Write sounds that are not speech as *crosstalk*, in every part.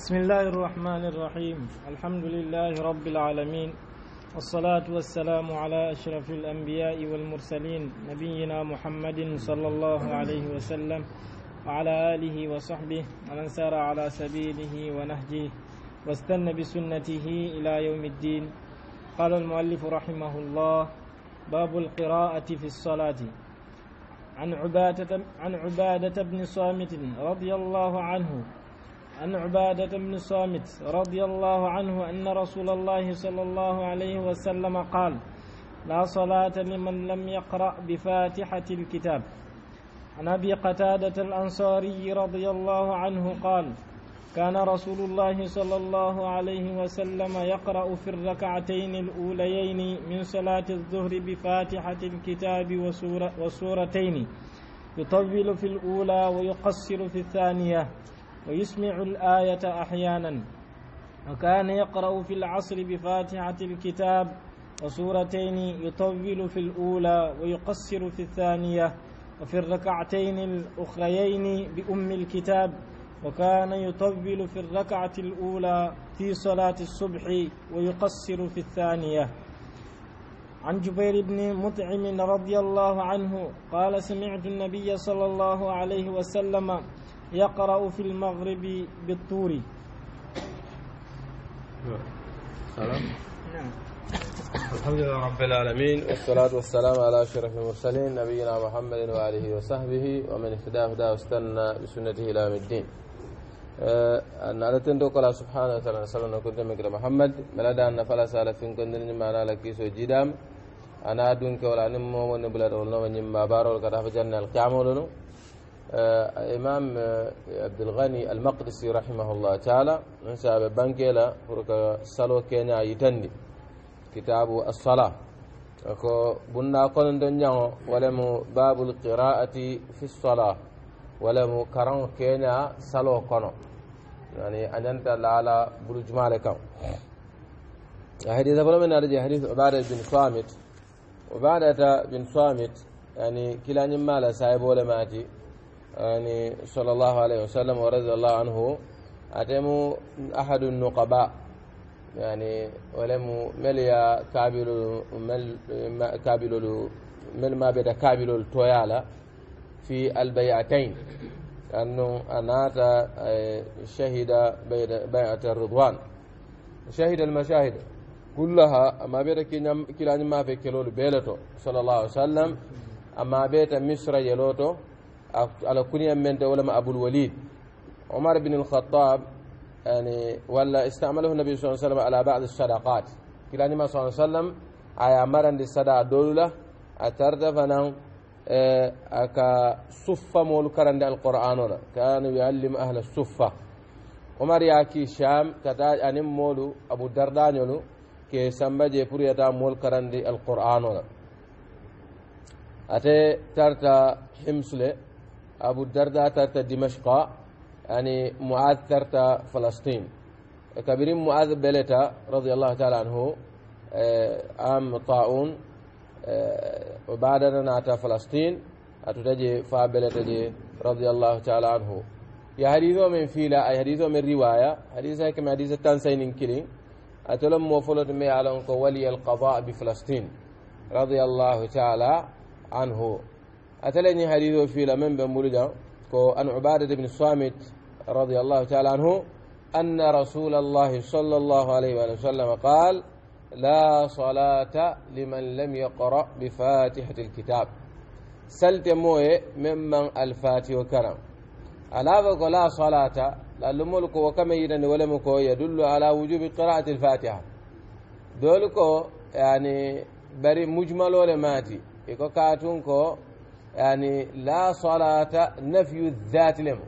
بسم الله الرحمن الرحيم الحمد لله رب العالمين والصلاة والسلام على أشرف الأنبياء والمرسلين نبينا محمد صلى الله عليه وسلم وعلى آله وصحبه ومن سار على سبيله ونهجه واستنى بسنته إلى يوم الدين قال المؤلف رحمه الله باب القراءة في الصلاة عن عبادة, عن عبادة بن صامت رضي الله عنه عن عبادة بن الصامت رضي الله عنه أن رسول الله صلى الله عليه وسلم قال لا صلاة لمن لم يقرأ بفاتحة الكتاب عن أبي قتادة الأنصاري رضي الله عنه قال كان رسول الله صلى الله عليه وسلم يقرأ في الركعتين الأوليين من صلاة الظهر بفاتحة الكتاب وسورتين يطول في الأولى ويقصر في الثانية ويسمع الآية أحيانا وكان يقرأ في العصر بفاتحة الكتاب وسورتين يطول في الأولى ويقصر في الثانية وفي الركعتين الأخريين بأم الكتاب وكان يطول في الركعة الأولى في صلاة الصبح ويقصر في الثانية عن جبير بن مطعم رضي الله عنه قال سمعت النبي صلى الله عليه وسلم يقرأ في المغرب بالطور سلام نعم الحمد لله رب العالمين والصلاة والسلام على أشرف المرسلين نبينا محمد وآله وصحبه ومن اهتدى هدى واستنى بسنته إلى يوم الدين آه، أن على تندوك الله سبحانه وتعالى صلى الله عليه وسلم محمد ملدا أن فلا سالة فين كنت نجمع على لك جدام أنا أدونك ولا نمو ونبلد ونمو ونمو بارو لك جنة القيامة آه، إمام آه، عبد الغني المقدسي رحمه الله تعالى من سبب بانكيلا فرق سلو كينا يتني كتاب الصلاة أكو بنا قل الدنيا ولم باب القراءة في الصلاة ولم كرم كينا سلو كنا يعني أن أنت لا برجمال برج مالكم أبو من أرجي حديث عبادة بن صامت عبادة بن صامت يعني كلا نمالا سايبو لماتي يعني صلى الله عليه وسلم ورضي الله عنه أتمو أحد النقباء يعني ولم مليا كابل مل كابل مل ما بدا كابل التويالا في البيعتين أنه أنات شهد بيعة الرضوان شهد المشاهد كلها ما بيتا كلا ما في كيلو بيلتو صلى الله عليه وسلم أما بيتا مصر يلوتو على كنيا من دولة أبو الوليد عمر بن الخطاب يعني ولا استعمله النبي صلى الله عليه وسلم على بعض الصدقات كلا ما صلى الله عليه وسلم أي أمرا الصدقة دولة أترد فنان آه، أكا صفة مولكرا القرآن كان يعلم أهل الصفة عمر ياكي شام كتا أنم مول أبو الدردان يلو كي سمبا جيبور يتا مولكرا القرآن أتي ترتا حمسلي أبو الدرداء ترت دمشق يعني معاذ ترت فلسطين كبير معاذ بلتا رضي الله تعالى عنه آه، عام طاعون آه، وبعدنا نعت فلسطين أتتجي فابلتا جي رضي الله تعالى عنه يا حديثو من فيلا أي حديثو من رواية حديثة كما حديثة تنسين كلين أتلم موفلت مي على ولي القضاء بفلسطين رضي الله تعالى عنه أتلني حديث في لمن بن مريدة أن عبادة بن الصامت رضي الله تعالى عنه أن رسول الله صلى الله عليه وسلم قال لا صلاة لمن لم يقرأ بفاتحة الكتاب سلت موي ممن الفاتح وكرم على ألا لا صلاة للملك وكما يدن ولمك يدل على وجوب قراءة الفاتحة دولكو يعني بري مجمل ولماتي إكو كاتونكو يعني لا صلاة نفي الذات لهم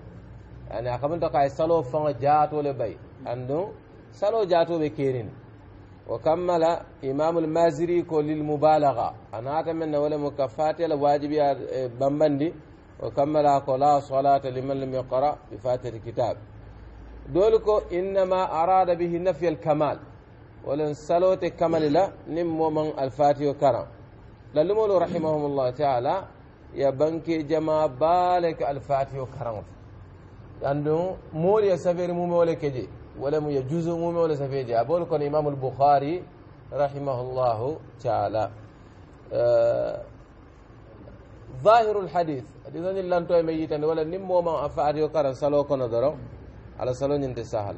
يعني أقام تقع سلو فان جاتو لبي أنه سلو جاتو بكيرين وكمل إمام المازري كل المبالغة أنا أتمنى ولا مكفات ولا واجب بمبندي وكمل أقول لا صلاة لمن لم يقرأ بفاتح الكتاب دولك إنما أراد به نفي الكمال ولن سلوت كمال لا نمو من الفاتح وكرم للمول رحمهم الله تعالى يا بنكي جما بالك الفاتح وكرمت عندو مول يا سفير مومي ولا كجي ولا مو يجوز مومي ولا سفير جي لكم امام البخاري رحمه الله تعالى آه ظاهر الحديث اذن لن توي ميت ولا نمو ما افاد يقرا صلو كن درو على صلو نت سهل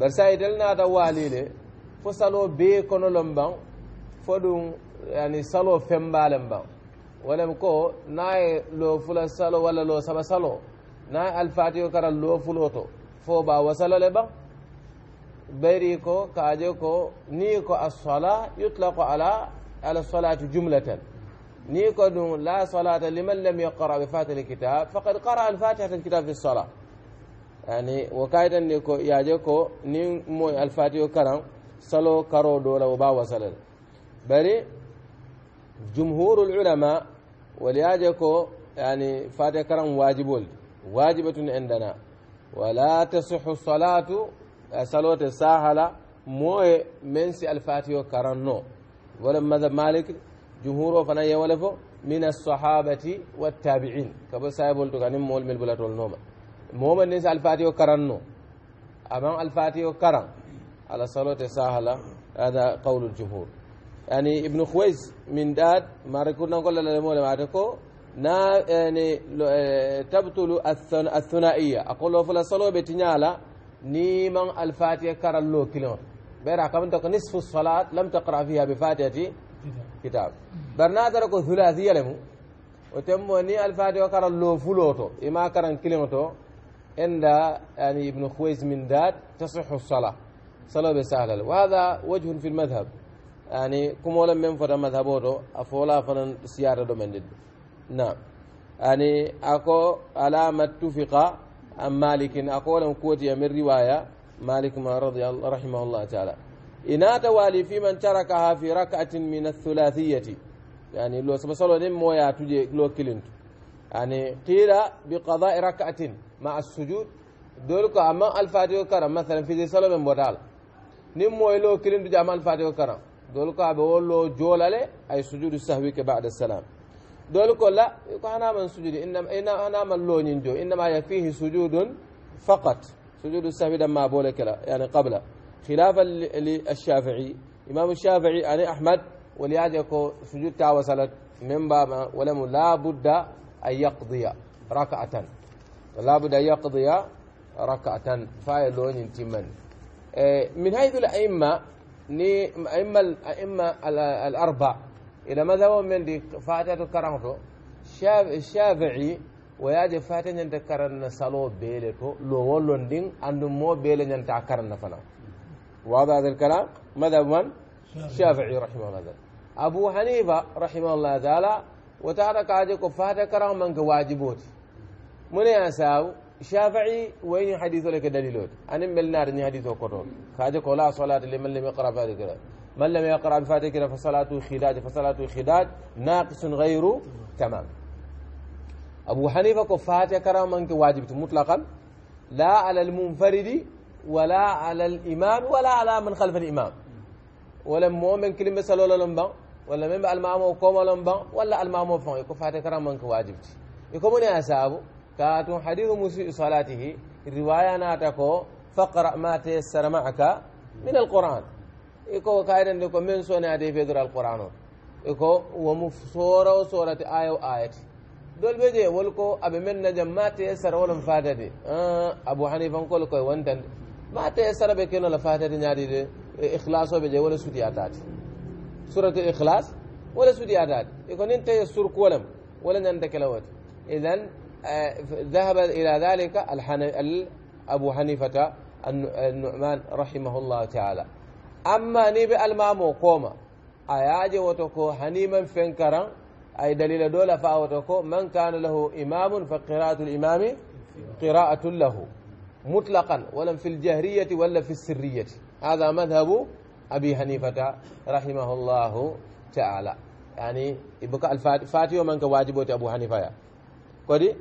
بس ايدلنا دا والي له فصلو بي كن لمبا فدون يعني صلو فم بالمبا ولم كو ناي لو فلا سالو ولا لو سبا سالو ناي الفاتيو كرا لو فلوتو فوبا وصل لبا بيري كو كاجو كو ني كو الصلاة يطلق على على الصلاة جملة ني كو لا صلاة لمن لم يقرأ بفاتح الكتاب فقد قرأ الفاتحة الكتاب في الصلاة يعني وكايدا نيكو كو ياجو ني مو الفاتيو كرا سالو كرو دولا وبا وسالو بري جمهور العلماء ولياجكو يعني فاتح كرم واجب واجبة عندنا ولا تصح الصلاة صلاة ساهلة موي منسي الفاتحة كرنو ولا مذهب مالك جمهور فنا يولفو من الصحابة والتابعين كبو سايب ولتو كان مول من البلاد والنوم موما نسي الفاتحة كرنو أمام الفاتحة كرن على صلاة ساهلة هذا قول الجمهور يعني ابن خويز من داد ما ركنا نقول لا ما معتكو نا يعني آه، تبطل الثنائية أقول له فلا صلاة بتنيالا نيمان الفاتحة كرلو كلون بيرا كم تك نصف الصلاة لم تقرأ فيها بفاتحة كتاب برنا تركو ثلاثية لهم وتم ني الفاتحة كرلو فلوتو إما كرن كلمتو عند يعني ابن خويز من داد تصح الصلاة صلاة بسهلة وهذا وجه في المذهب يعني كمولا من فتا مذهبوتو أفولا فنن سيارة دو من دي نعم يعني أكو على ما اتفق أم مالك أكو لم كوتي من رواية مالك ما رضي الله رحمه الله تعالى إنا توالي في من تركها في ركعة من الثلاثية يعني لو سبسلو دي مويا تجي لو كلنت يعني قيل بقضاء ركعة مع السجود دولك أما الفاتحة كرم مثلا في ذي سلو من بطال نمو لو كلنت جامع الفاتحة كرم dol ko aɓe wollo joolale ay sujudu sahwi ke bada salam dol ko la ko hanaman sujudi hanaman loñin jo innama yafihi sujudun faqat sujudu sahwi ɗamma boole kela yani qabla khilafa lilshafii imamu shafii ani ahmad woli yaaje ko sujud tawa salat min mbama walamu la budda an yaqdiya raka'atan la budda an yaqdiya raka'atan faye loñin timman min haythu l aimma ni imma imma الأربع إلى ماذا هو من دي فاتحة كرامته الشافعي وياجي فاتن ننت كرن سلو بيلتو لو ولون دين عند مو بيل ننت كرن فنا واضح هذا الكلام ماذا من شافعي رحمه الله تعالى أبو حنيفة رحمه الله تعالى وتعالى كاجي كفاتحة كرام من واجبوت من يساو شافعي وين حديث لك دليل أنا من نار إني حديث وكرر خارج ولا صلاة لمن لم يقرأ فاتكرة من لم يقرأ الفاتحة فصلاته خداد فصلاته خداد ناقص غير تمام أبو حنيفة كفاته كرام كرامك واجب مطلقا لا على المنفرد ولا على الإمام ولا على من خلف الإمام ولا مؤمن كلمة صلى الله عليه ولا من المامو كوما لمبا ولا المامو فون كفاته كرام كرامك واجب يكون يا أسابه كاتون حديث مسيء صلاته رواية ناتكو فقرأ ما تيسر معك من القرآن إكو كايدا لكو من سونا دي فيدر القرآن إكو ومفصورة وصورة آية وآية دول بيجي ولكو أبي من نجم ما تيسر ولم فاتدي آه أبو حنيفة نقول كوي وانتن ما تيسر بكينو لفاتدي نادي دي إخلاص وبيجي ولا سودي أتاتي سورة الإخلاص ولا سودي أتاتي إيكو ننتهي السور كولم ولا نندك لوت إذن ذهب إلى ذلك أبو حنيفة النعمان رحمه الله تعالى أما نبي المامو قوما أياجي وتكو حنيما فنكرا أي دليل دولة فأوتكو من كان له إمام فقراءة الإمام قراءة له مطلقا ولم في الجهرية ولا في السرية هذا مذهب أبي حنيفة رحمه الله تعالى يعني يبقى الفاتحة ومن كواجبة أبو حنيفة كودي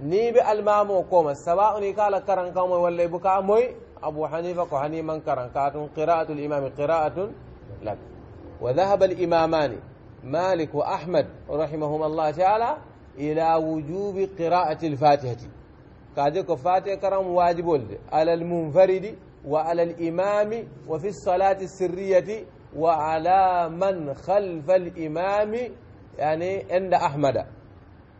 نيب المامو كوما سواء قال كران كوما ولا بكا موي ابو حنيفه كهني من كران كاتون قراءه الامام قراءه لك وذهب الامامان مالك واحمد رحمهما الله تعالى الى وجوب قراءه الفاتحه كاجك فاتحه كرم واجب على المنفرد وعلى الامام وفي الصلاه السريه وعلى من خلف الامام يعني عند احمد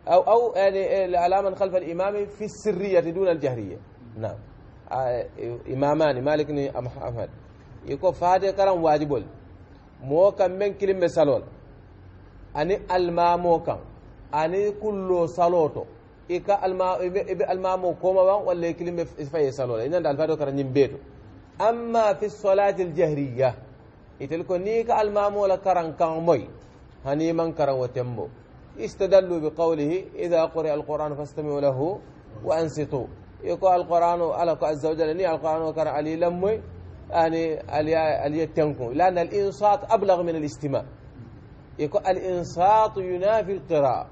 أو أو يعني الإعلام خلف الإمام في السرية دون الجهرية نعم آه، إمامان مالك بن أحمد يقول فهذا كلام واجب مو من كلمة سلول أني الما كم أني كل سلوتو إيكا الما كوما ولا كلمة فاي سلول إن الفاتو كلام يمبيتو أما في الصلاة الجهرية يتلكو نيكا المامو لكرم كلام موي هني من كلام وتمو استدلوا بقوله إذا قرئ القرآن فاستمعوا له وأنصتوا يقول القرآن على عز وجل إني القرآن وكان علي لمي يعني علي التنكو لأن الإنصات أبلغ من الاستماع يقول الإنصات ينافي القراءة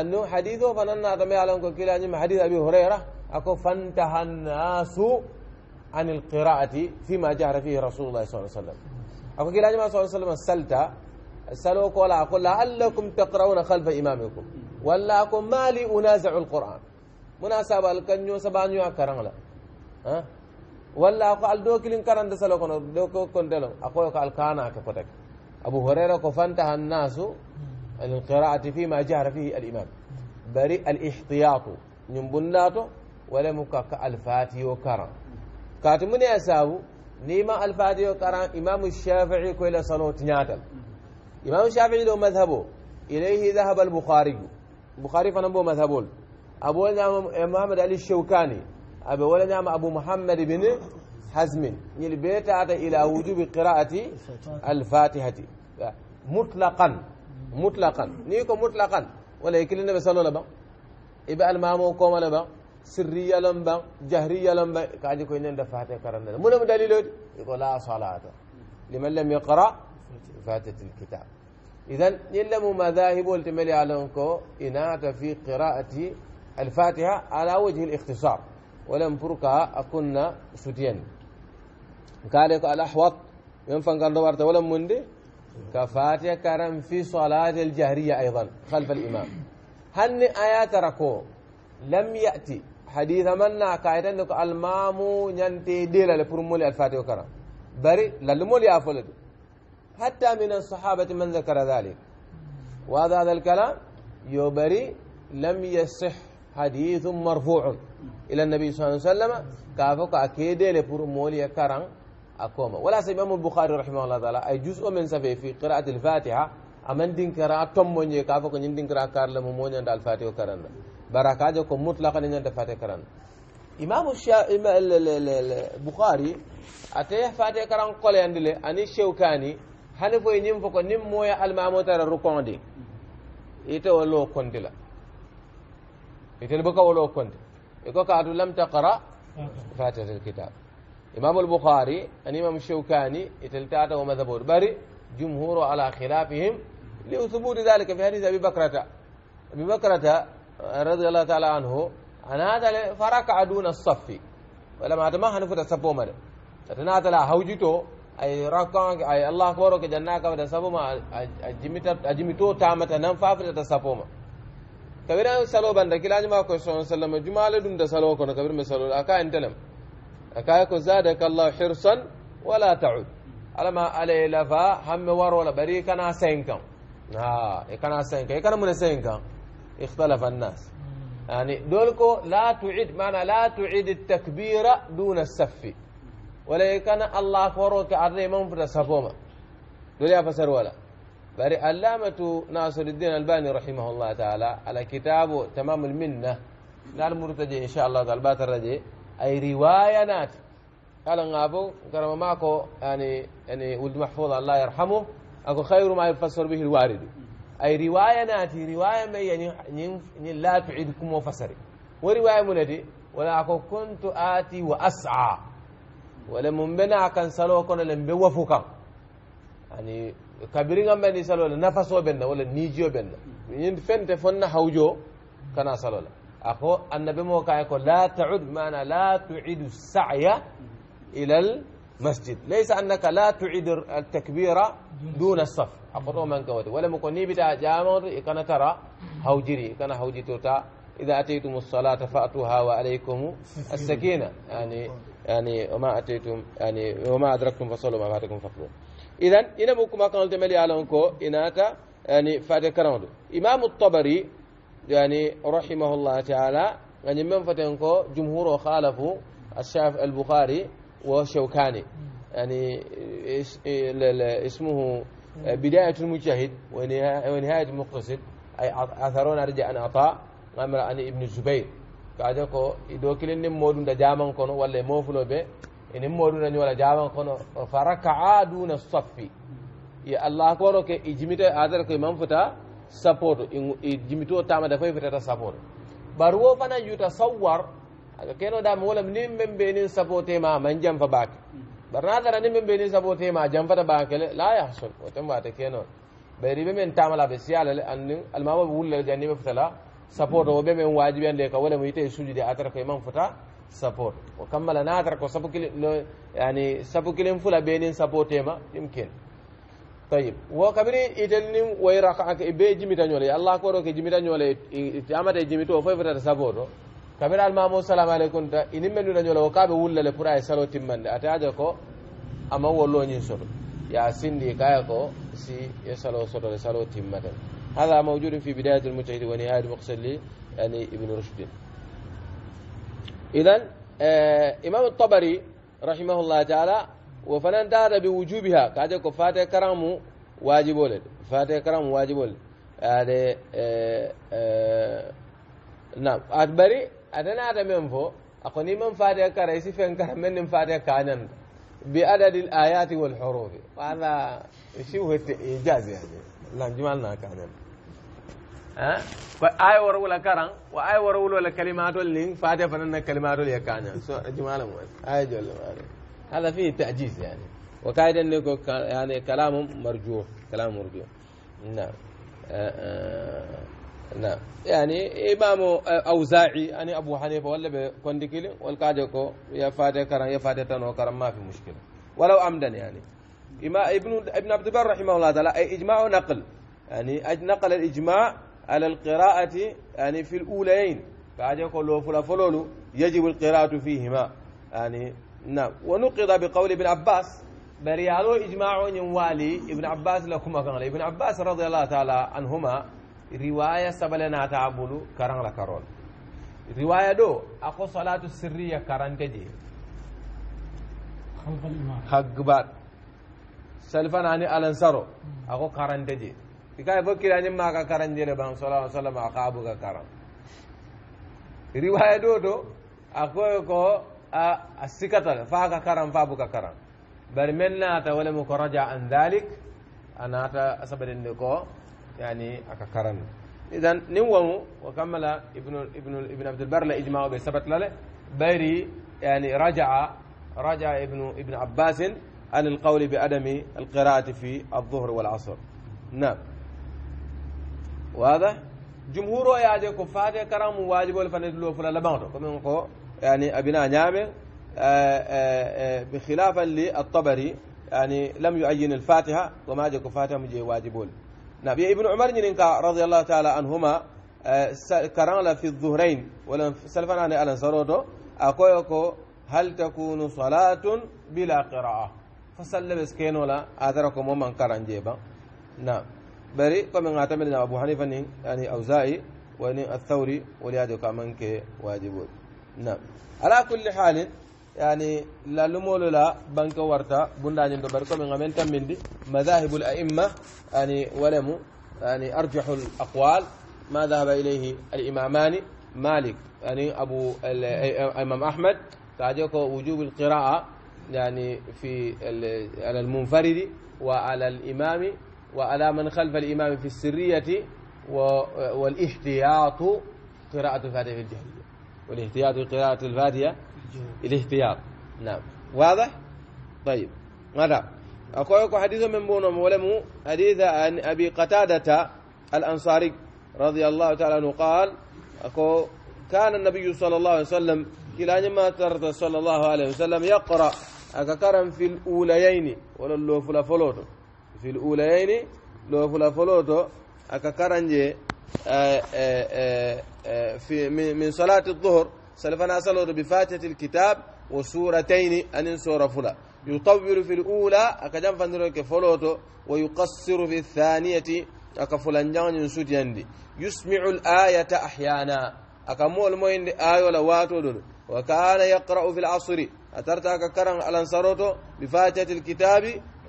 أنه حديثه فنن أتمي على أنكو كلا نجم حديث أبي هريرة أكو فانتهى الناس عن القراءة فيما جهر فيه رسول الله صلى الله عليه وسلم أكو كلا نجم صلى الله عليه وسلم السلطة سلوك ولا أقول لعلكم تقرؤون خلف إمامكم ولا أقول ما لي أنازع القرآن مناسبة الكنيو سبانيو أكرم لا أه؟ ولا أكو الدوكلين كران دسلو كنو دوكو كندلو أقول يكو الكانا كفتك أبو هريرة كفنتها الناس القراءة فيما جهر فيه الإمام بريء الإحتياط نبناتو ولا مكاك الفاتي وكرم كاتمني أسابو نيما الفاتي وكرم إمام الشافعي كويلة صلوة نياتل إمام الشافعي له مذهبه إليه ذهب البخاري البخاري فنبو مذهبه أبو نعم محمد علي الشوكاني أبو نعم أبو محمد بن حزم يلبيت يعني هذا إلى وجوب قراءة الفاتحة مطلقا مطلقا نيكو مطلقا ولا يكلنا النبي صلى الله عليه وسلم يبقى المامو كوما لبا سرية لمبا جهرية لمبا كاجي كوين فاتحة كرنا من دليل يقول لا صلاة لمن لم يقرأ فاتة الكتاب إذا يلم مذاهب والتملي على أنكو إناة في قراءة الفاتحة على وجه الاختصار ولم بركا أكن سديا قال يقول الأحوط ينفن كان دبرت ولم مندي كفاتحة كرم في صلاة الجهرية أيضا خلف الإمام هن آيات ركو لم يأتي حديث منا قاعدة أنك المامو ينتي ديلا لبرمولي الفاتحة كرم بري للمولي أفولدي حتى من الصحابة من ذكر ذلك وهذا هذا الكلام يبري لم يصح حديث مرفوع إلى النبي صلى الله عليه وسلم كافوك أكيد لبور مولي كران أكوما ولا سيمام البخاري رحمه الله تعالى أي جزء من سفي في قراءة الفاتحة أمن دين كراء تموني كافوك أن دين كراء كارل مموني عند الفاتحة بركة بركاجك مطلقا أن عند الفاتحة كران إمام البخاري أتيه فاتحة كران قول عندي أني شوكاني hani foi nim foko nim moya almamo tara rukondi ite wolo kondi la ite boko wolo kondi e ko kaatu lam taqra mm-hmm. fatat alkitab imam البخاري ان امام الشوكاني اتلتاته ومذبور بري جمهور على خلافهم لثبوت ذلك في حديث ابي بكرة ابي بكرة رضي الله تعالى عنه انا هذا فركع دون الصف ولما اتمه هنفوت السبومر اتنا هذا لا هوجته ay rakkan ay allah akbaro ke janna ka da sabuma ajimita ajimito tamata nan fafita ta sapoma kabira salo banda kilani ma ko sallallahu alaihi wasallam jumaale dum da salo ko kabir me salo aka entelem aka ko zadaka allah hirsan wala ta'ud alama alay lafa hamme war wala bari kana senkan ha e kana senkan e kana mun senkan ikhtalafa an-nas يعني دولكو لا تعيد معنى لا تعيد التكبير دون السف ولكن الله فروك عظيم فدا سفوما دوليا فسر ولا بري علامة ناصر الدين الباني رحمه الله تعالى على كتابه تمام المنة قال مرتجي إن شاء الله تعالى بات الرجي أي روايات قال غابو كرم ماكو يعني يعني ولد محفوظ الله يرحمه أكو خير ما يفسر به الوارد أي رواية ناتي رواية ما يعني لا تعيدكم وفسري ورواية منادي ولا أكو كنت آتي وأسعى ولم منبنا كان سلو كنا لم بوفوكا يعني كبرين عم بني سلو نفسه بيننا ولا نيجيو بيننا يند فين تفننا هوجو كنا سلو لا أخو النبي مو كايكو لا تعد معنا لا تعيد السعي إلى المسجد ليس أنك لا تعيد التكبير دون الصف أقول من كود ولا مكن نبي تاجامر كنا ترى هوجري كنا هوجي توتا إذا أتيتم الصلاة فأتوها وعليكم السكينة يعني يعني وما أتيتم يعني وما أدركتم فصلوا ما فاتكم فقدوا إذا إن بكم أكون تملي على أنكو إناتا يعني فاتك كرامدو إمام الطبري يعني رحمه الله تعالى يعني من فاتنكو جمهور خالفوا الشاف البخاري وشوكاني يعني اسمه بداية المجتهد ونهاية المقتصد أي أثرون رجع عن أمر عن ابن الزبير kaje ko ido kilinnin modun da jaman kono walla e mofulo ɓe enin modun dañi walla jaman kono fa raka'a duna saffi ye allah koro ke i jimito atata koye man fota sappoto i jimito tamada foye fotata sappoto bar wo fana yuta sawwar aga keno dama wolam nin men ɓe nin sappotema man janfa bake bar natara nin men ɓe nin sappotema janfata bakele la yahsul woten wate kenon ɓayri ɓe men tamala ɓe siyalale annin almama ɓe wullel jannima fotala support o ɓe ɓen waajibiyande ka wala mo yite e sujude a tara koye man fota support o kammala na tara ko sabu kili yani sabu kilin fula ɓenin supportema ɗim ken tayib wo kabiri itel nin way rakaake ɓe jimitañole allah koro ke jimitañole amata e jimito o foy fotata support o kabiri almamo salamu aleykum ta inin men ɗuɗañole o kaɓe wullale pour aye salo timmande ate aja ko ama wolloñin soto ya sindi kaya ko si e salo sotore salo timmaten هذا موجود في بداية المجتهد ونهاية المقصد لي يعني ابن رشد إذا آه إمام الطبري رحمه الله تعالى وفنان دار بوجوبها قاعدة كفاتة فاتح كرامه واجب ولد فاتة كرامه واجب ولد هذا آه آه نعم أتبري أنا هذا من فوق أقول إمام فاتة كرامه فين كرامه من فاتح كانن بعدد الآيات والحروف وهذا شبه إيجاز يعني lanjumalna kaden ko ay worwula karan wo ay worwulola kalimatol nin fate fananna kalimatol ye kaña so jumala mo ay jolle maɗo hada fi tajis yani wo kayiten ni ko yani kalamu marjuh kalamu marjuh nam nam yani imamu ausai ani abou hanifa walla ɓe kondikili wol kaje ko ya fate karan ya fate tan o karan ma fi muskila walaw amdan yani إما ابن ابن عبد البر رحمه الله تعالى أي إجماع نقل يعني نقل الإجماع على القراءة يعني في الأولين بعد يقول له فلا فلول يجب القراءة فيهما يعني نعم ونقض بقول ابن عباس بريالو إجماع ينوالي ابن عباس لكما كان ابن عباس رضي الله تعالى عنهما رواية سبلنا تعبولو كران لكرون رواية دو أخو صلاة السرية كران كجي خلف الإمام حق بار salfanani alansaro ako karante je ni ma kirañin karan karanjele ban sala sallam a kabuga karan riwaya do do akoye ko a fa ka karan fa ka karan bari men naata walemo ko raja an dalik a naata sabatinde ko yani aka karanna idan nin womu wa kammala ibn abdulbar la ijma o ɓe sabatlale bari yani rajaa raja ibnu ibne abbasin عن القول بعدم القراءة في الظهر والعصر نعم وهذا جمهور يا كفار كرام واجب الفندلو فلا لبعضه كما يعني أبناء نعمل آه، آه، آه، بخلافا للطبري يعني لم يعين الفاتحة وما جاك فاتحة مجي واجبون نبي نعم. ابن عمر جنكا رضي الله تعالى عنهما كران في الظهرين ولم سلفنا على سروتو أقولكو هل تكون صلاة بلا قراءة فصلى مسكين ولا أدركوا من منكر جيبا نعم بري كم نعتمد على نعم. أبو حنيفة يعني أوزاي وني الثوري وليادو كمان كي واجبون نعم على كل حال يعني لا لمول لا بنك ورتا بندا نجد بركو من غمين تمندي مذاهب الأئمة يعني ولمو يعني أرجح الأقوال ما ذهب إليه الإمامان مالك يعني أبو الإمام أحمد تعجبك وجوب القراءة يعني في على المنفرد وعلى الإمام وعلى من خلف الإمام في السرية والاحتياط قراءة الفاتحة في الجهرية والاحتياط في قراءة الفاتحة الاحتياط نعم واضح طيب ماذا لكم حديث من بون ولم حديث عن أبي قتادة الأنصاري رضي الله تعالى عنه قال كان النبي صلى الله عليه وسلم كلا ما ترد صلى الله عليه وسلم يقرأ akakaran fil ulayayni wolon loofula foloo to fil ulayayni loofula foloo to aka karan je min salati duhr salfana saloto bi fatihati lkitab wo suratayni anin sora fula yuطawilu fi lula aka janfandiroke foloo to wo yuqassiru fi lthaniyati aka fulanjaŋñin sutiyandi yusmiu l ayata ahyana aka mool moyinde ayola waatoɗoɗo وكان يقرأ في العصر أترتك كرم الأنصاروتو بفاتحة الكتاب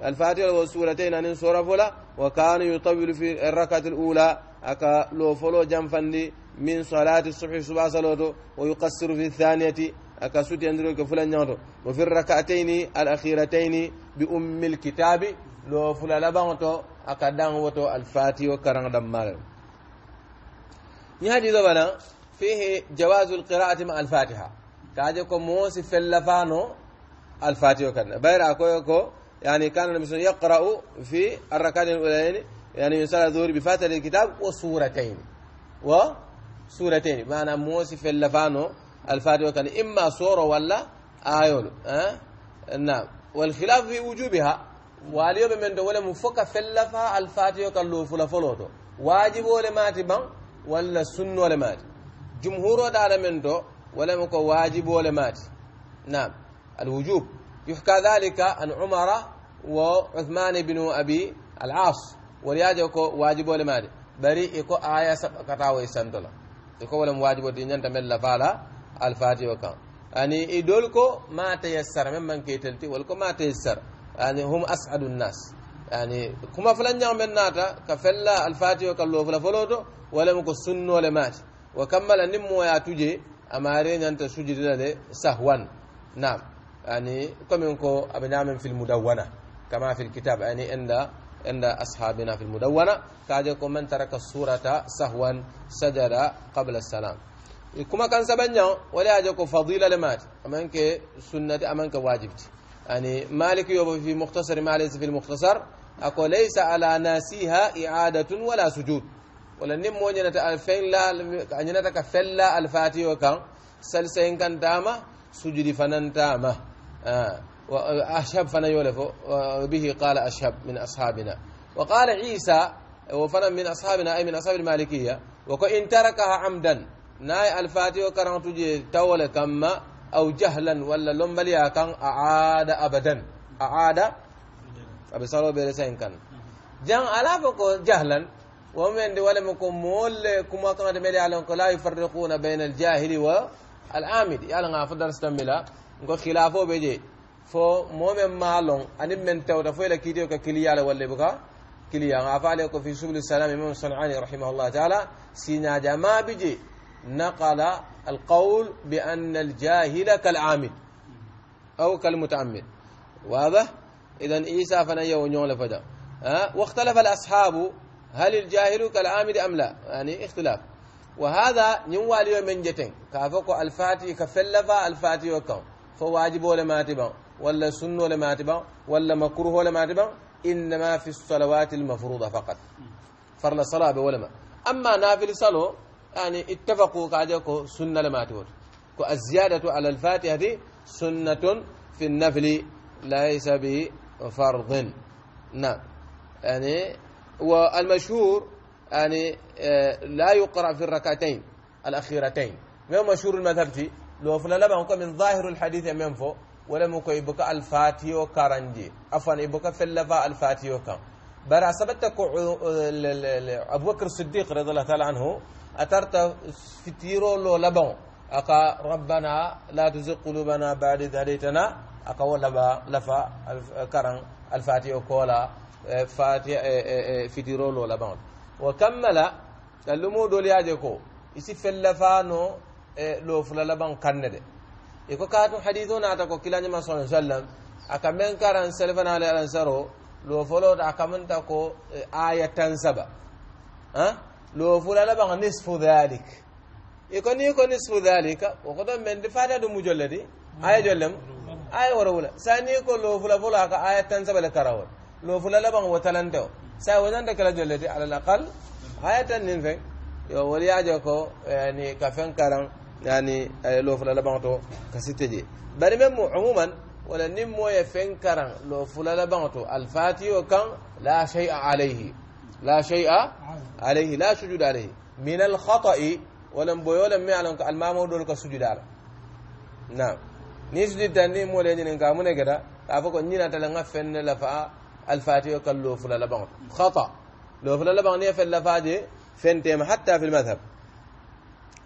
الفاتحة والسورتين أن سورة فلا وكان يطول في الركعة الأولى أكا لو فلو جنفندي من صلاة الصبح سبع صلوته ويقصر في الثانية أكا سوتي أندروك فلان يوتو وفي الركعتين الأخيرتين بأم الكتاب لو فلا لبانتو أكا دانوتو الفاتحة وكرن دمال نهاية ذبنا فيه جواز القراءة مع الفاتحة kaje ko moosi fellafano الفاتيو كان bayra koyo ko يعني كان المسلم يقرأ في الركعتين الأولين يعني من صلاة الظهر بفاتحة الكتاب وسورتين وسورتين بمعنى موسي في اللفانو الفاتيو كان إما سورة ولا آيول أه؟ نعم والخلاف في وجوبها واليوم من دول مفك في اللفا الفاتحة كان لو فلفلوتو واجب ولا ماتي بان ولا سن ولا ماتي جمهور دار من دو ولم يكن واجب ولا مات نعم الوجوب يحكى ذلك عن عمر وعثمان بن أبي العاص ولهذا واجب ولا مات بري يكو آية سبقتا ويسندلا يكو ولم واجب ودين تمل لفالا الفاتي وكام يعني إدولكو ما تيسر من من تلتي ولكو ما تيسر يعني هم أسعد الناس يعني كما فلن يعمل ناتا كفلا الفاتي وكالله فلا فلوتو ولم يكو سن ولا مات وكمل النمو يا تجي أماري أنت سجد لدي سهوا نعم يعني كم كمنكو أبنام في المدونة كما في الكتاب يعني عند عند أصحابنا في المدونة كاجكم من ترك الصورة سهوا سجد قبل السلام كما كان سبنيا ولا أجكم فضيلة لمات أمانك سنة أمانك واجبتي يعني مالك يوبو في مختصر ما ليس في المختصر أقول ليس على ناسيها إعادة ولا سجود wala nin mo ñanata alfenla a ñanata ka fella alfatiyo kan sal senkantama sujudi fanantama ashab fana yole fo bihi qala ashab min ashabina wa qala isa wo fana min ashabina ay min ashabi almalikiya woko in tarakaha amdan nayi alfatiyo karantuje tawole kamma aw jahlan walla lombaliya kan aada abadan aada aɓe salo ɓeɗe sen kan jan ala fo ko jahlan ومن ولم يكن مول كما كنا دملي على لا يفرقون بين الجاهل والعامد يالا يعني نعم، غا درس تملا نكو خلافو بيجي فو مومن مالون ان من تودا فو لا كيديو كليا ولا بكا كليا غا عليكم في سبل السلام امام صنعاني رحمه الله تعالى سينا جما بيجي نقل القول بان الجاهل كالعامد او كالمتعمد واضح اذا عيسى فنيا ونيول فدا أه؟ واختلف الاصحاب هل الجاهل كالعامد أم لا يعني اختلاف وهذا يوم من جتن كافوكو الفاتي كفلفا الفاتي وكو فواجب ولا ماتبا ولا سن ولا ماتبا ولا مكروه ولا ماتبا إنما في الصلوات المفروضة فقط فرنا صلاة ما أما نافل صلو يعني اتفقوا كاجوكو سنة لما تقول الزيادة على الفاتحة دي سنة في النفل ليس بفرض نعم يعني والمشهور يعني آه، لا يقرأ في الركعتين الأخيرتين ما مشهور المذهب تي لو فلا لما من ظاهر الحديث منفو ولا مكو يبقى الفاتيو كارنجي عفوا يبقى فلفا الفاتيو كان برا سبتك أبو بكر الصديق رضي الله تعالى عنه أترت في تيرو لو لبن أقا ربنا لا تزغ قلوبنا بعد ذريتنا اقا أقا لفا كرن الفاتيو كولا Eh, fatiha eh, eh, fitirolo labaŋol wa kammala ɗallumo dolu yaje ko isi fellafano lo fula labaŋ kanne de iko katun hadise na ta ko kilañama sa sallam aka men karan selfanale alan saro lo foloto aka ta ko aya tan saba lo fula labaŋ nisfu dhalik iko e ni ko nisfu dhalika wokoto men di fatiha du mujolle di aya jollem aya wora wula sa ni ko lo fula folo aka aya tan saba le karawol lo fula laban sai sa da kala jollete alal aqal hayatan nin fe yo ya yajo ko yani ka fen karan yani eh, lo fula laban to ka sitte bari men mu umuman wala nin ya fen karan lo fula laban to wa kan la shay'a alayhi la shay'a alayhi la sujuda alayhi min alkhata'i wala boyolan me alon ko almamodol ko la Na ni sujuda ni mo leñinin ka mune gada ka fa ko ñinatala nga fenne la fa الفاتحة كاللو فلا لبغن خطأ لو فلا لبغن يفل لفاتحة فنتم حتى في المذهب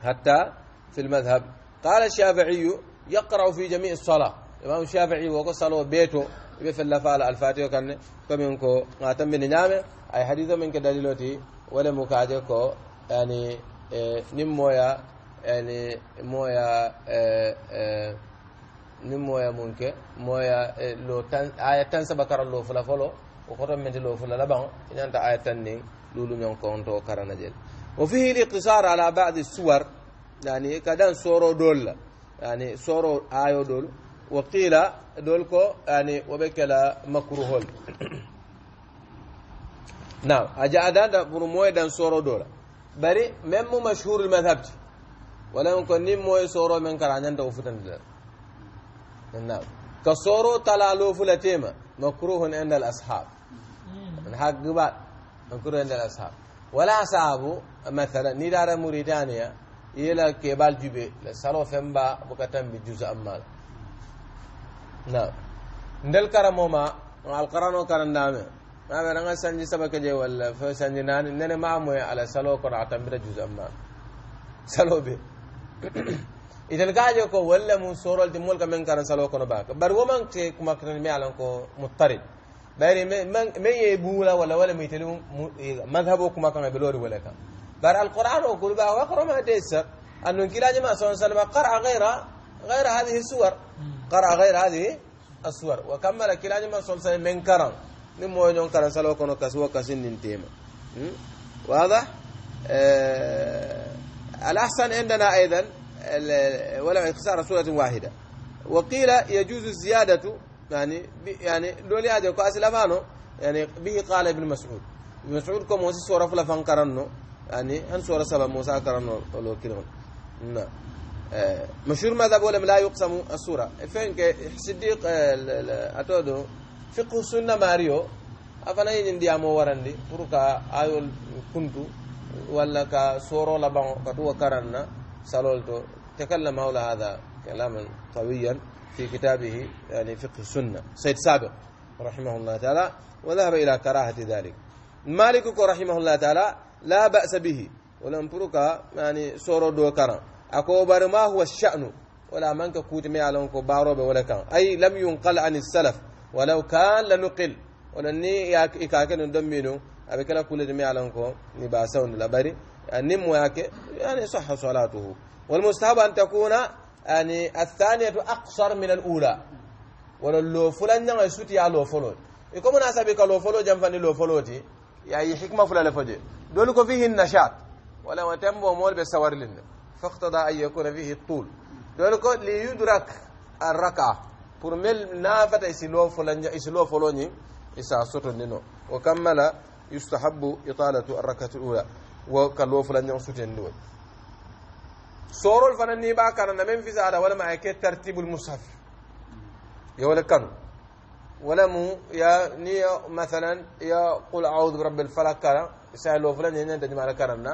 حتى في المذهب قال الشافعي يقرأ في جميع الصلاة امام الشافعي وقال صلوا بيته يفل اللفال الفاتحة كان كمينكو غاتم بن نعم أي حديث من كدليلتي ولا مكاجكو يعني إيه، نمويا يعني مويا إيه, إيه، nin moya mun ke moya lo tan aya tan saba karal lo fula folo o koto menti lo fula laban ñanta aya tan ni lulu ñon konto karana jel wa fihi liqtisar ala badi suwar yani kadan soro dol la yani soro ayo dol wa qila dol ko yani woɓe kela makruhol nam a jaadanta pour moye dan soro dola bari même mo mashhurul madhab ti wala on ko ni moye soro men kara ñanta o futandidal نعم كسورو تلالو فلتيما مكروه عند الأصحاب من حق بعد مكروه عند الأصحاب ولا أصحاب مثلا ندار موريتانيا إلى كبال جبي لسالو فنبا بكتن بجزء أمال نعم ndel karamo ma al qarano karandame maɓe ɗanga sanji sabake je walla fo sanji nani nene mamoye ala salo kono a tambita jus amma salo ɓe itel kaje ko walla mum sorolde mol ka men karan salo kono baka bar womanke kumakran mi alan ko muttarid bayri men ye buula walla walla mi telu madhabo kumakan e ɓelori wala kan bar alquran o kulba waqra ma taysar annun kilaje ma sa sallam qara gayra gayra hadihi suwar qara gayra hadihi aswar wa kammala kilaje ma sa sallam men karan ni moñon karan salo kono kas wo kasinnin tema واضح الأحسن عندنا أيضا ولا خساره سوره واحدة وقيل يجوز الزيادة يعني يعني لولي هذا كاس اسلفانو يعني به قال ابن مسعود ابن مسعود كم موسى سورة فلفان كرنو يعني ان سورة سبع موسى كرنو لو كيرون نعم آه، مشهور ماذا بقول لا يقسم السورة فين صديق آه، اتودو فقه السنة ماريو afana يندي ndiyamo warandi pour ka ayol kuntu walla ka soro labaŋo katuwo karan سالولتو تكلم حول هذا كلاما طويا في كتابه يعني فقه السنة سيد سابق رحمه الله تعالى وذهب إلى كراهة ذلك مالك رحمه الله تعالى لا بأس به ولم بروكا يعني سورو دو كرم أكو ما هو الشأن ولا منك كوت مي على أنكو ولا كان أي لم ينقل عن السلف ولو كان لنقل ولني يا إكاكن دمينو أبي كلا كل جميع على أنكو نباسون الأبري النمو يعني يعني صح صلاته والمستحب أن تكون يعني الثانية أقصر من الأولى ولو فلان نعم يا لو فلان يكون مناسب يك لو فلو جنفني لو فلوتي يعني حكمة فلا لفجي دولك فيه النشاط ولا وتم ومول بسوار لنا فاقتضى أن يكون فيه الطول دولك ليدرك الركعة pour برمل نافة إسلو فلان إسلو فلوني إسا سطر لنا وكمل يستحب إطالة الركعة ula وكلو فلان يوسوتين دول سورو الفنان نيبا كان انا من فيزا على ولا ما ترتيب المصحف يا ولا كان ولا مو يا ني مثلا يا قل اعوذ برب الفلق كان سالو فلان هنا دني مالك كرمنا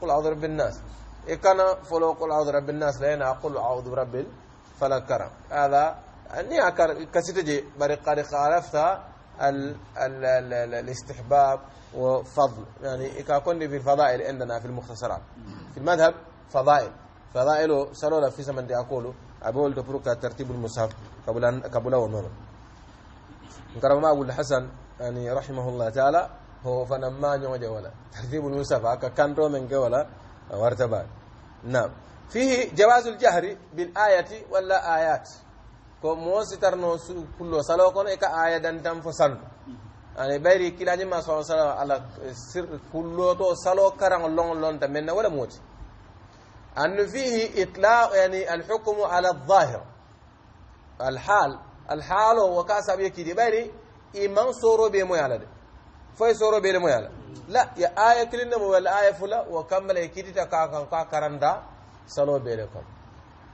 قل اعوذ برب الناس اي كان فلو قل اعوذ برب الناس لين اقول اعوذ برب الفلق كرم هذا اني اكر كسيتجي بري قاري خالفتها ال ال ال الاستحباب وفضل يعني كاكون في الفضائل عندنا في المختصرات في المذهب فضائل فضائله سنولا في زمن دي أقوله أقول دبروك ترتيب المصحف قبل قبل ونونا نكرم ما أقول الحسن يعني رحمه الله تعالى هو فنمان وجولا ترتيب المصحف هكا كان رومن ولا وارتبا نعم فيه جواز الجهر بالآية ولا آيات ko moo sitarno kullo salo kono e ka aya dantan fo saldu ani ɓayri kilañima sa sallam ala to salo karaŋo loŋo lonta maintenant wala mooti anno fihi itlaq yani alhukmu ala zahir alhal alhaal o wo ka saɓe kiidi ɓayri iman soroɓe moyala de foye soroɓe le moyala la ya aya kilinne mo walla aya fula wo kambala e kiidita ka kan ka karanta salo ɓele kono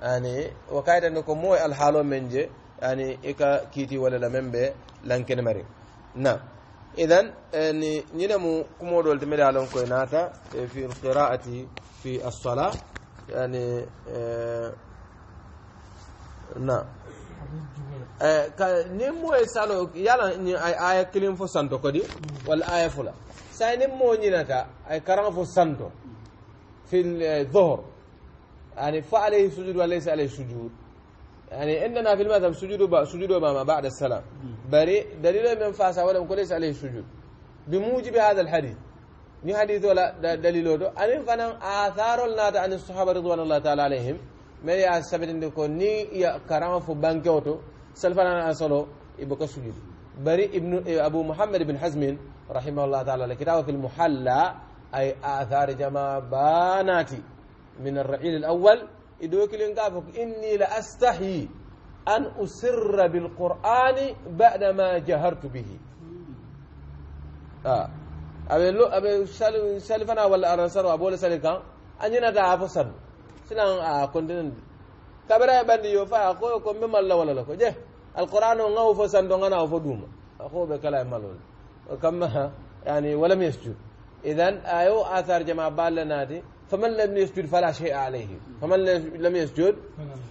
ani wakaita kayitandi ko moo alhaalo men ani i kiti wala la membe lankene mari na idan ani nyine mu dol temede a ko nata e, fi qiraati fi as-sala yani na ni nin e salo yala ni ay ay kilin fo santo kodi wala ay fula sa ni mo ñinata ay karam fo santo fi dhuhr يعني فعليه سجود وليس عليه سجود يعني عندنا في المذهب سجود سجود ما بعد السلام بريء دليل من فاسع ولا يكون ليس عليه سجود بموجب هذا الحديث ني حديث ولا دليل دو ان فن اثار لنا عن الصحابه رضوان الله تعالى عليهم ما يا سبت نكون ني يا كرام في بانكوتو سلفنا اصلو يبقى سجود بري ابن ابو محمد بن حزم رحمه الله تعالى لكتابه في المحلى اي اثار جماعه باناتي من الرحيل الأول إدوكلين قافك إني لأستحي أن أسر بالقرآن بعدما جهرت به آه. أبي لو أبي سال سالفنا ولا أنا أبو لسالك أنجنا دا أفسد سنان آه كنتين كبرة بندي يوفا أخو يكون بما الله ولا لك جه القرآن هو فسد دعنا هو فدوم أخو بكلام ملول كما يعني ولم يسجد إذن أيو آثار جماعة بالنا فمن لم يسجد فلا شيء عليه فمن لم يسجد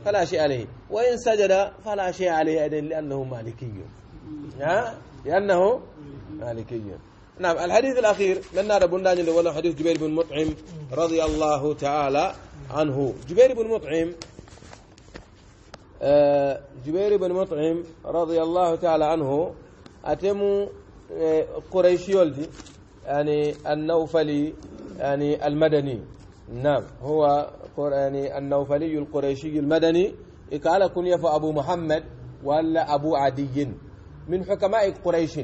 فلا شيء عليه وإن سجد فلا شيء عليه لأنه مالكي لأنه مالكي نعم الحديث الأخير من نار اللي ولا حديث جبير بن مطعم رضي الله تعالى عنه جبير بن مطعم آه، جبير بن مطعم رضي الله تعالى عنه أتم آه، قريشيولدي يعني النوفلي يعني المدني نعم هو يعني النوفلي القريشي المدني قال يف أبو محمد ولا أبو عدي من حكماء قريش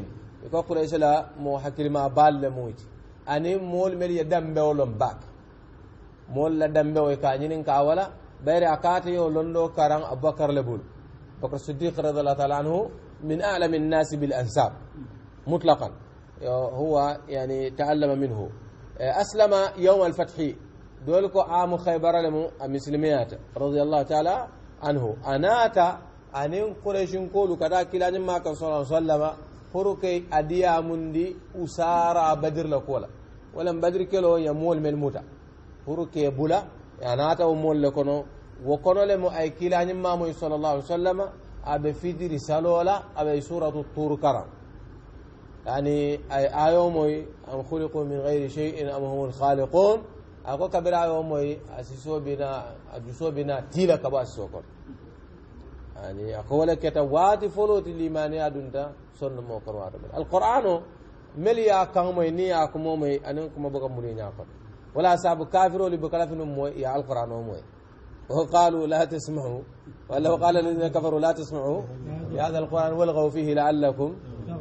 يقول قريش لا مو ما بال لموت أني مول ملي دم بولم باك مول لا دم بوي كانين كاولا بير يو لوندو كارن أبو بكر لبول بكر الصديق رضي الله تعالى عنه من أعلم الناس بالأنساب مطلقا هو يعني تعلم منه أسلم يوم الفتح دول كو عام خيبر لمو مسلميات رضي الله تعالى عنه أناتا أنين قريش كولو كذا كلا نما كان صلى الله عليه وسلم فركي أديا مندي أسارة بدر لكولا ولم بدر كلو يمول من موتا فركي بولا أناتا ومول لكونو وكونو لمو أي كلا نما صلى الله عليه وسلم أبي فيدي رسالة ولا أبي سورة الطور كرم يعني أي آيومي أم خلقوا من غير شيء أم هم الخالقون ako kabira ayo moy asiso bina ajuso bina tila kaba asiso kon ani ako wala keta wati folo ti limani adunta sonno mo kon wato alqur'ano meli ya kan moy ni ya ko mo moy anan kuma boga muli nya kon wala sabu kafiro li bukala finu moy ya alqur'ano moy وقالوا لا تسمعوا ولو قال الذين كفروا لا تسمعوا لهذا القرآن والغوا فيه لعلكم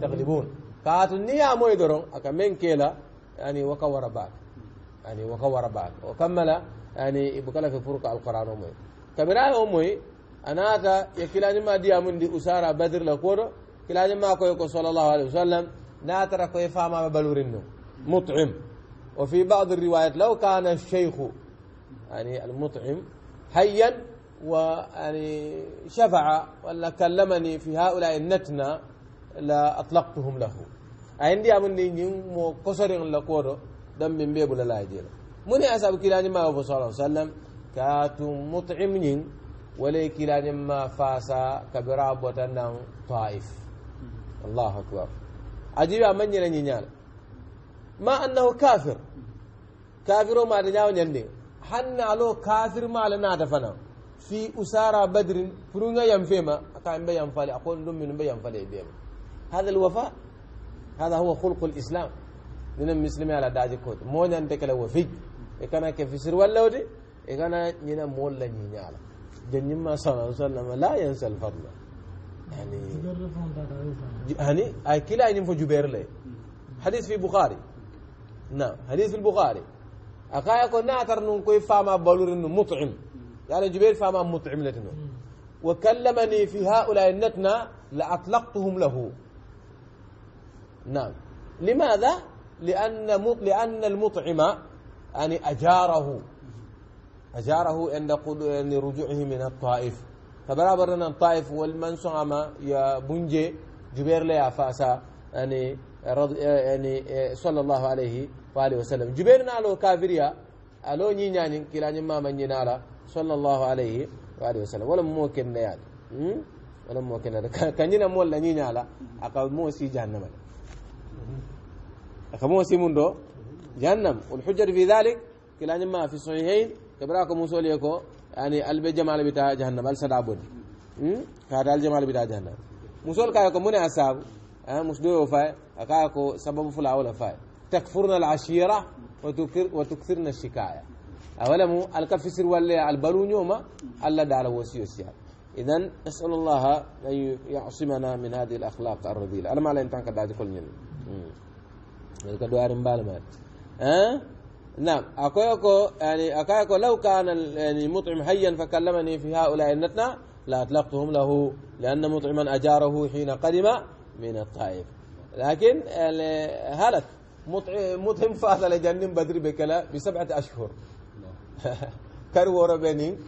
تغلبون كاتو نيا موي درون اكا من كيلا يعني وكا ورباك يعني وكور بعد وكمل يعني بقول في فرق القرآن أمي كبراه أمي أنا هذا يكلان ما دي أمن دي اسارا بدر لكور كلان ما كويكو صلى الله عليه وسلم كو يفهم ما بلورن مطعم وفي بعض الروايات لو كان الشيخ يعني المطعم حيا ويعني شفع ولا كلمني في هؤلاء النتنا لأطلقتهم له عندي أمن دي مو كسرين لكورو دم من بيب ولا لا من أسأب كلاني ما أبو صلى الله عليه وسلم كاتو مطعمين ولي كلاني ما فاسا كبراب وتنم طائف الله أكبر عجيب من ينين ما أنه كافر كافر ما رجعوا يندي حنا على كافر ما لنا دفنا في أسارة بدر فرونا ينفيما أكاين بيان فالي أقول لهم من بينفالي بيما هذا الوفاء هذا هو خلق الإسلام dina muslimi ala daji ko mo nyante kala wo fi e kana ke fisir wallawde e kana nyina molla ni nyala den nyimma sallallahu alaihi wasallam la yansa al fadla يعني هني اي كلا اين فو جبير لي حديث في بخاري نعم حديث في البخاري اقايا كو ناتر نون كوي فاما بالور مطعم يعني جبير فاما مطعم لتنو وكلمني في هؤلاء النتنا لأطلقتهم له نعم لماذا لأن لأن المطعم يعني أجاره أجاره أن رجوعه من الطائف فبرابرنا الطائف والمنسوع ما يا بنجي جبير لي فاسا يعني رض يعني صلى الله عليه وآله وسلم جبير نالو كافريا ألو نينا ناني كلا نما من ينالا صلى الله عليه وآله وسلم ولا ممكن يعني ولا ممكن *laughs* كان ني مولا نينا نالا أقل موسى سي كمو سيمون دو جهنم والحجر في ذلك كلا نما في الصحيحين كبراكم ليكو يعني قلب جمال بتاع جهنم بل سدابون هذا الجمال بتاع جهنم موسى كايكو من أصاب مسدو فاي كايكو سبب فلا ولا فاي تكفرنا العشيرة وتكر وتكثرنا الشكاية أولم الكف سر ولا البرون يوما ألا دعا وسيوسيا إذا نسأل الله أن يعصمنا من هذه الأخلاق الرذيلة أنا ما لا ينتهي كذلك كل ka duwarin balma أه؟ نعم أكويكو يعني أكايكو لو كان يعني مطعم حيا فكلمني في هؤلاء النتنا لأطلقتهم له لأن مطعما أجاره حين قدم من الطائف لكن هلك مطعم فات لجنن بدري بكلا بسبعة أشهر كرور بني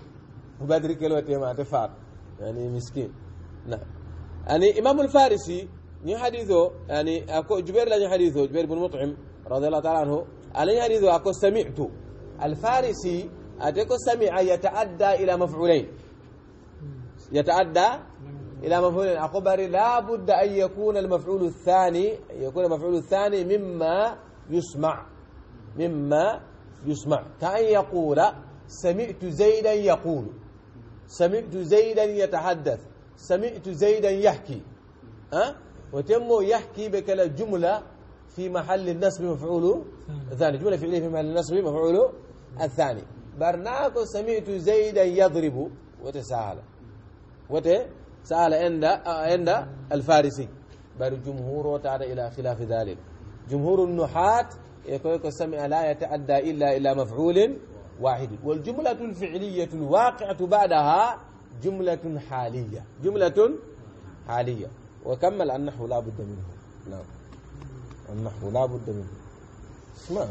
بدري كلوتي ما تفعل يعني مسكين نعم يعني إمام الفارسي ني حديثو يعني اكو جبير لا حديثو جبير بن مطعم رضي الله تعالى عنه علي حديثو اكو سمعت الفارسي اتكو سمع يتعدى الى مفعولين يتعدى الى مفعول اخبر لا بد ان يكون المفعول الثاني يكون المفعول الثاني مما يسمع مما يسمع كان يقول سمعت زيدا يقول سمعت زيدا يتحدث سمعت زيدا يحكي ها أه؟ وتم يحكي بكلا جملة في محل النصب مفعوله الثاني جملة في في محل النصب مفعوله الثاني برناكو سمعت زيدا يضرب وتسأل وتسأل عند عند الفارسي بل الجمهور تعالى إلى خلاف ذلك جمهور النحات يقول سمع لا يتعدى إلا إلى مفعول واحد والجملة الفعلية الواقعة بعدها جملة حالية جملة حالية وكمل النحو لا بد منه نعم النحو لا بد منه اسمع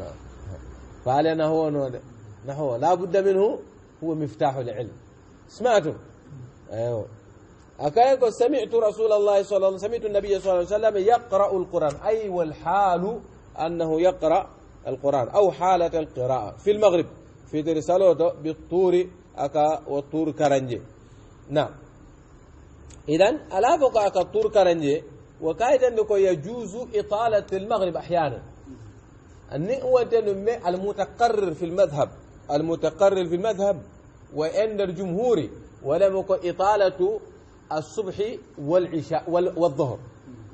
نعم انا هو نحو لا بد منه هو مفتاح العلم سمعتم ايوه أكاينكو سمعت رسول الله صلى الله عليه وسلم سمعت النبي صلى الله عليه وسلم يقرأ القرآن أي أيوة والحال أنه يقرأ القرآن أو حالة القراءة في المغرب في رسالة بالطور أكا والطور كرنجي نعم إذن ألا بقى كالطور كرنجي وكايت أنك يجوز إطالة المغرب أحيانا النئوة المتقرر في المذهب المتقرر في المذهب وإن الجمهوري ولم يكن إطالة الصبح والعشاء والظهر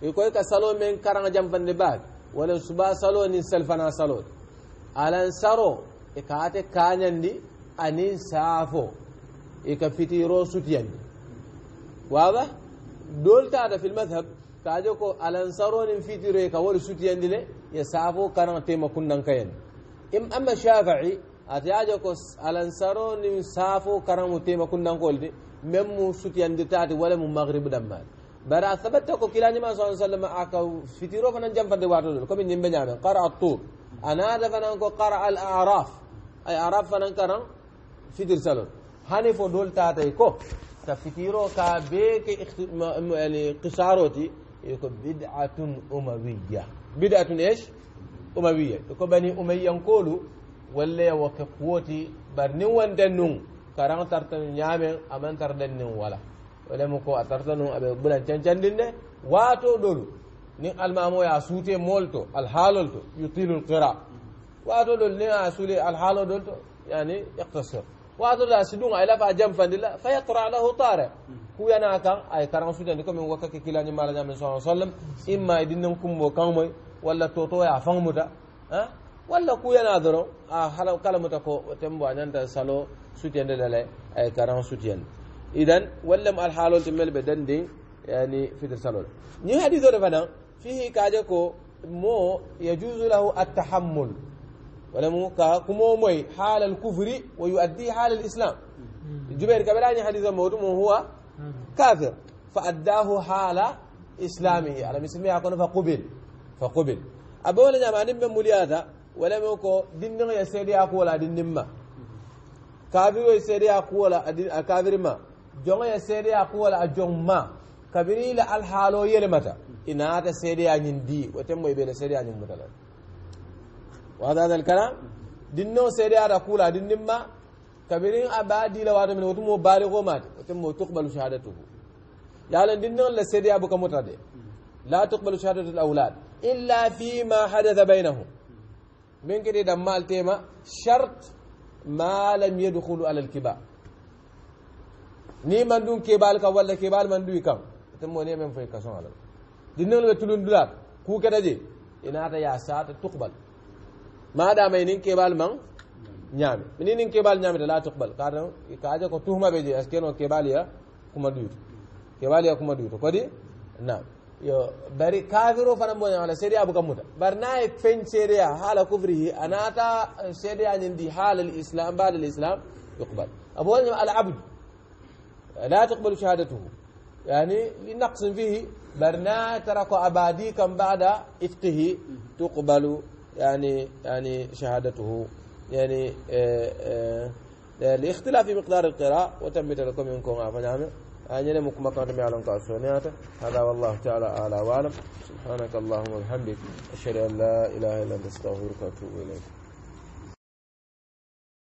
يقول لك سالون من كرنا جنب النباد ولا سبا سالون سلفنا سالون ألان سارو إكاتي كانيندي أنين سافو إكا فتيرو سوتيندي واضح دول تعالى في المذهب كاجوكو الانصارون في تريكا ولا سوتي اندله يسافو كان تيما كنن كين ام اما شافعي اتياجوكو الانصارون سافو كان تيما كنن كولدي مم سوتي اندتات ولا من مغرب دمال برا ثبت كلا نما صلى الله عليه وسلم اكو في تيرو فنان جام فند واتو كوم نيم بنيام قرأ الطور انا هذا فنان كو قرأ الاعراف اي اعراف فنان كرم في تيرسلون هاني فو دول تاتي كو تفتيرو كابيك يعني قصاروتي يكو بدعة أموية بدعة إيش أموية يكو بني أمية نقولوا ولا وكقوتي برني وندنون كران ترتن نعمة أمن ترتن ولا ولا مكو أترتنون أبي بلان تنجندن واتو دولو نين المامو يا سوتي مولتو الحالولتو يطيل القراء واتو دول نين أسولي الحالو دولتو يعني يقتصر وهذا لا سدون أي لفع جنب فندلا فيقرأ له طارئ كو يناكا أي كرام سودان كم من وكاك كلا نمال جامع صلى الله عليه وسلم إما يدنم كم وكامي ولا توتو يا فهمتا أه؟ ولا كو ينادرو آه حلو كلمة كو تمبو أن أنت سالو سودان للا أي كرام سودان إذن ولم الحالون تمل بدن دي يعني في تسالون ني حديث فيه كاجكو مو يجوز له التحمل ولم كمو موي حال الكفر ويؤدي حال الإسلام جبير كبراني حديث موضوع هو كافر فأداه حال إسلامه على مسلمي يقول فقبل فقبل أبو لنا ما من ملياتا ولم يكو دين يسيري أقولا دين ما كافر أقول أقولا كافر ما جون يسيري أقولا جون ما كبيري لألحالو يلمتا إنها تسيري أنين دي وتمو يبين سيدي أنين متلال وهذا هذا الكلام دينو سيري على كولا دين ما كبيرين أبا دي لو من وتم بالغ وما وتم تقبل شهادته لن دينو لا سيري أبوك مترد لا تقبل شهادة الأولاد إلا فيما حدث بينهم من كده دمال تيما شرط ما لم يدخل على الكبار ني من دون كبار kam كبار من دون كم kam tan من فيك men foy kason ala dinnal be tulun dulat ku kada je ina ta ما دام ينين كبال من نعمي منين كبال نعمي لا تقبل كارن كاجا كو تهمه بيجي اسكنو كبال يا كوما ديوت كبال يا كوما ديوت كودي نعم يا بري كافرو فنمو على سيريا ابو كموتا برناي فين سيريا حال كفره اناتا سيريا عندي حال الاسلام بعد الاسلام يقبل ابو العبد لا تقبل شهادته يعني لنقص فيه برنا ترك أبادي كم بعد إفقه تقبل يعني يعني شهادته يعني آآ آه، آآ آه، آه، لاختلاف مقدار القراءة وتمت لكم ينكم عفنام أني مكما كان يعلم كاسونيات هذا والله تعالى أعلى وأعلم سبحانك اللهم وبحمدك أشهد أن لا إله إلا أنت أستغفرك وأتوب إليك